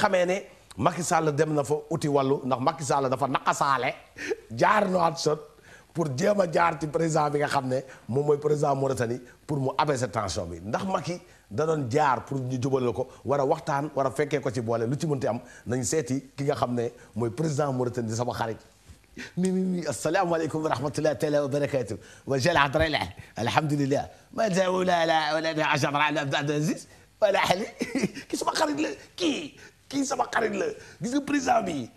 xamee ne Macky Sall dem na fa uti wàllu ndax Macky Sall dafa naqasaale jaar no at sot pour jéem a jaar ci président bi nga xam ne moom mooy président Mauritanie pour mu abaisser tension bi ndax Macky da doon jaar pour ñu jubalal ko war waxtaan wara fekkee ko ci boole lu ci mënti am nañ seeti ki nga xam ne mooy président Mauritanie sama xarit mi mi mi asalaamaaleykum wa rahmatullahi taala wa barakatuh wa jaladrala alhamdulilah ma dawla la wala ashara ala Abdou Aziz wala ali ki sama xarit la kii kii sama xarit la gis nga président bi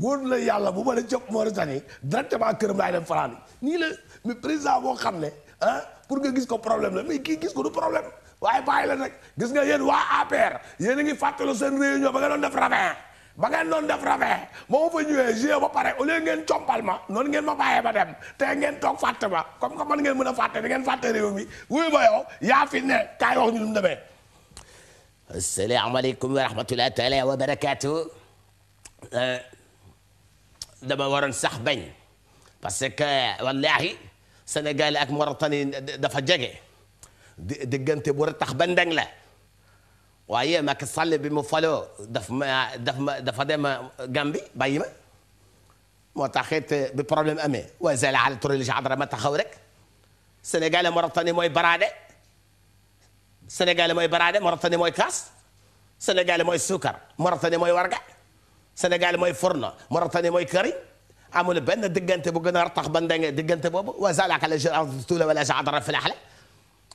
wóor la yàlla bu ma la jóg Mauritanie directement këram laay dem Faraani nii la mais président boo xam ne ah pour nga gis ko problème la mais kii gis ko du problème waaye bàyyi la nag gis nga yéen waa APR yéen a ngi fàttalu seen réunion ba nga doon def ravin ba ngeen doon def ravin moo fa ñëwee GIE ba pare au ngeen compal ma noonu ngeen ma bàyyee ba dem te ngeen toog fàtte ma comme que man ngeen mën a fàtte ngeen fàtte réew mi ma yow yaa ne kaay wax ñu demee. asalaamaaleykum wa rahmatulah taala wa barakaatu dama waroon sax bañ parce que wallahi Sénégal ak Mauritanie dafa jege diggante bu ratax ba ndeng la waaye Macky Sall bi mu faloo daf ma daf ma dafa dem Gàmbi bàyyi ma moo taxit bi problème amee waa Zala ala turel genre ma taxaw rek Sénégal ak Mauritanie mooy baraade. sénégalais mooy baraade Mauritanie mooy kaas sénégalais mooy suukar Mauritanie mooy warga senegal mooy fourno Mauritanie mooy kari amul benn diggante bu gën a tax ba ndenge diggante boobu wa zalaka la jël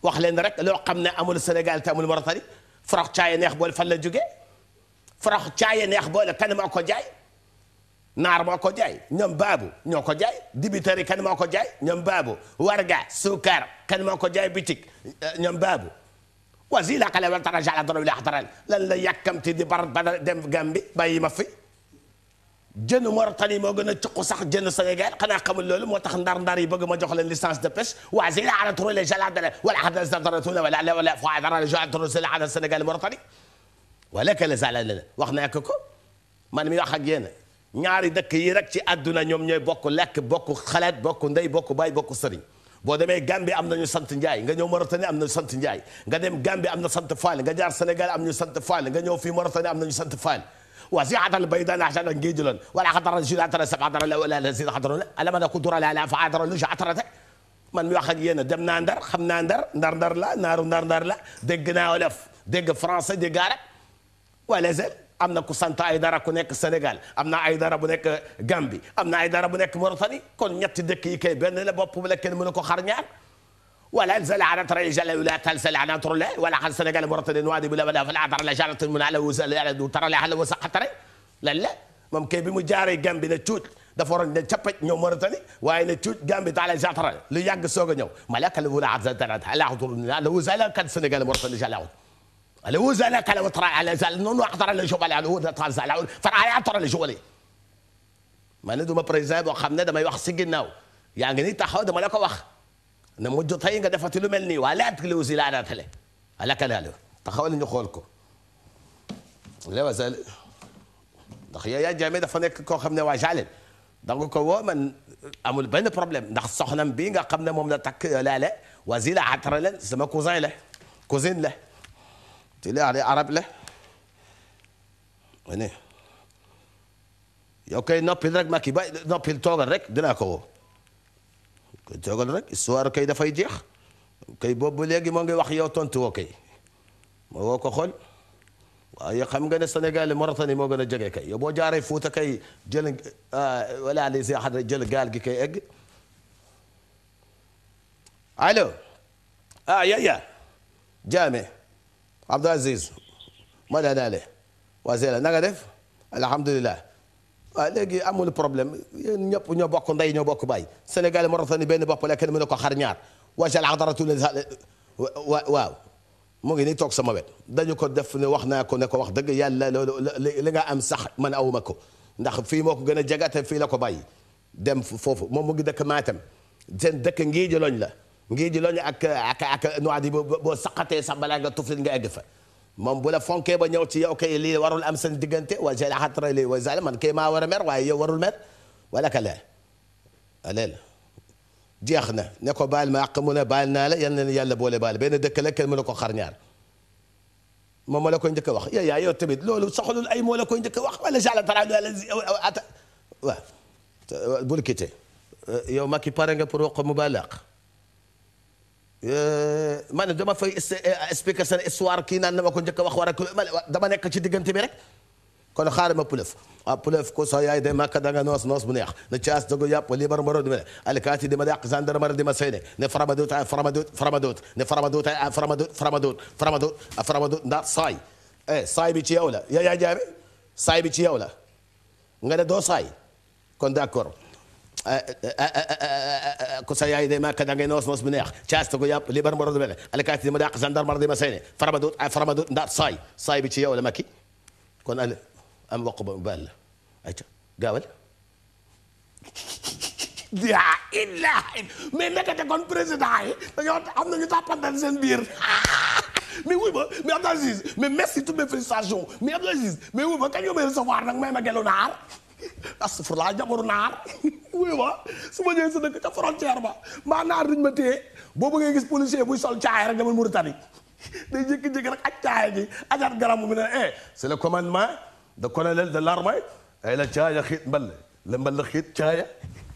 wax leen rek loo xam ne amul sénégal te amul Mauritanie farax caaye neex bool fan la jógee farax neex boole kan moo ko jaay naar moo ko jaay ñoom baabu ñoo ko jaay dibitari kan moo ko jaay ñoom baabu warga ko jaay bitik eh, ñoom baabu wasila xale wala tara jala doro ila xataral lan la yàkkamti di bar ba dem Gàmbi bàyyi ma fi jën Mauritanie moo gën a cuq sax jën Sénégal xanaa xamul loolu moo tax ndar-ndar yi bëgg ma jox leen licence de pêche wasila ala toro ila jala dara wala xadal dara tuna wala la wala fa dara jala doro sila ala Sénégal Mauritanie wala kala zala la wax naa ko ko man mi wax ak yéen ñaari dëkk yi rek ci àdduna ñoom ñooy bokk lekk bokk xalaat bokk ndey bokk baay bokk sëriñ boo demee Gambie am nañu sant Ndiaye nga ñëw Mauritanie am nañu sant Ndiaye nga dem Gambie am na sant Fall nga jaar Sénégal am nañu sant Fall nga ñëw fii Mauritanie am nañu sant Fall وسعة البيضاء نحشد نجيجلن ولا خطر الجيل عطر السبع عطر لا ولا الذين خطرون ألا من قدر لا لا فعطر لوش عطرته man mi wax ak yéen dem naa ndar xam naa ndar ndar ndar la naaru ndar ndar la dégg naa wolof dégg français dégg arab wala am na ku sant ay dara ku nekk Sénégal am na ay dara bu nekk Gambie am na ay dara bu nekk Mauritanie kon ñetti dëkk yi kay benn la bopp bu la kenn mënu ko xar ñaar ولا انزل على ترى جل ولا تنسل على تر لا ولا عن سنغال مرتد نوادي بلا بلا فلا ترى لا جارة من على وزل على ترى لا على وسح ترى لا لا ممكن بمجاري جنب نتوت دفور نتشبت نيو مرتني واي نتوت جنب تعالى جاترة لياك سوق نيو ملاك الولا عزة ترى لا حضور لا وزل كان سنغال مرتد جل اللي هو زلك لو ترى على زل نونو احضر اللي شوف على هو ترى زل فرع احضر اللي شوف ما ندو ما بريزاب وخمنا ده ما يوخ سجن ناو يعني نيتا حود ما لك وخ نمجو تاين قد فتلو ملني ولا تقلو زلانة تلي على كلالو تخول اني خولكو لا وزال دخيا يا جامي ده فنك كو خمنا واجعلن donc woo man amul benn problème ndax soxnam bii nga xam ne moom la takk laa la wasila atara leen sama cousin la cousine la Till är det arab le ne yow kay noppil rek Macky ba noppil toogal rek dinaa ko woo kay toogal rek histoire kay dafay jeex kay boobu léegi moo ngi wax yow tontu woo kay ma woo ko xool waaye xam nga ne Sénégal Mauritanie moo gën a jege kay yow boo jaaree Fuuta kay jël euh, wala li si xadra jël gaal gi kay egg allo ah yaya jaame Abdou Aziz ma daa daale waa Zéla na nga def alhamdulilah waaw léegi amul problème yéen ñëpp ñoo bokk ndey ñoo bokk baay Sénégal Mauritanie benn bopp la kenn mën na ko xar ñaar wajal adaratu waaw mu ngi nii toog sama wet dañu ko def ne wax naa ko ne ko wax dëgg yàlla loolu li nga am sax man awuma ko ndax fii moo ko gën a jagate fii la ko bàyyi dem foofu moom mu ngi dëkk Matam seen dëkk ngii joloñ la ngir ji loñu ak ak ak nois di boo saqatee sax balaa nga tuflit nga egg fa moom bu la fonkee ba ñëw ci yow kay lii warul am seen diggante wa jël xatra lii wa zal man kay maa war a mer waaye yow warul mer wala ka leel aleel ah, jeex na ne ko baal ma àq mu ne baal naa la yal na yàlla boole baal benn dëkk la kenn mu la ko xar ñaar moom moo la koy njëkk a wax yow yaa yow tamit loolu soxalul ay moo la koy njëkk a wax wala jàll tara ata waaw bul kite euh, yow Macky pare nga pour wax ko mu baal la àq Eh, maanaam dama fay expliquer eh, seen histoire kii naan na ma ko njëkk a wax war a dama nekk ci diggante bi rek kon xaaral ma pëlëf waaw ah, pëlëf ko sa yaay de makka danga noos noos bu neex ne caas dago yàpp lii bar maro di mene alkaati di ma yàq gendarmerie di ma seyne ne faramadoot ay ah, faramadoot faramadoot ne faramadoot ay ah, ay faramadoot faramadoot faramadoot ay faramadoot ndax saay eh saay bi ci yow la yaa yaa jaabe saay bi ci yow la nga ne doo saay kon d'accord ko sa yaay day màkk da noos noos bu neex caas ko li bar ma rodu mene alkaati di ma dàq gendarmerie di ma seyne farama dut ay bi ci yow la makki kon al am waq ba baal la ayca gaawal yaa illaahi mais nekkate kon président yi dañoo am nañu tàppantal Aziz mais merci toutes mes félicitations mais Aziz mais wuy ma kañ nga may nag may ma astafurlaa jabaru naar wuyu ma su ma ñëwee sa dëkk ca frontière ba mbaa naar duñ ma téye boo bëggee gis policier buy sol caaya rek demal Mauritanie day jékki-jékki rek ak caaya ji ajaat garamu bi ne eh c'est le commandement de colonel de l'armée ay la caaya xiit mbal la mbal xiit caaya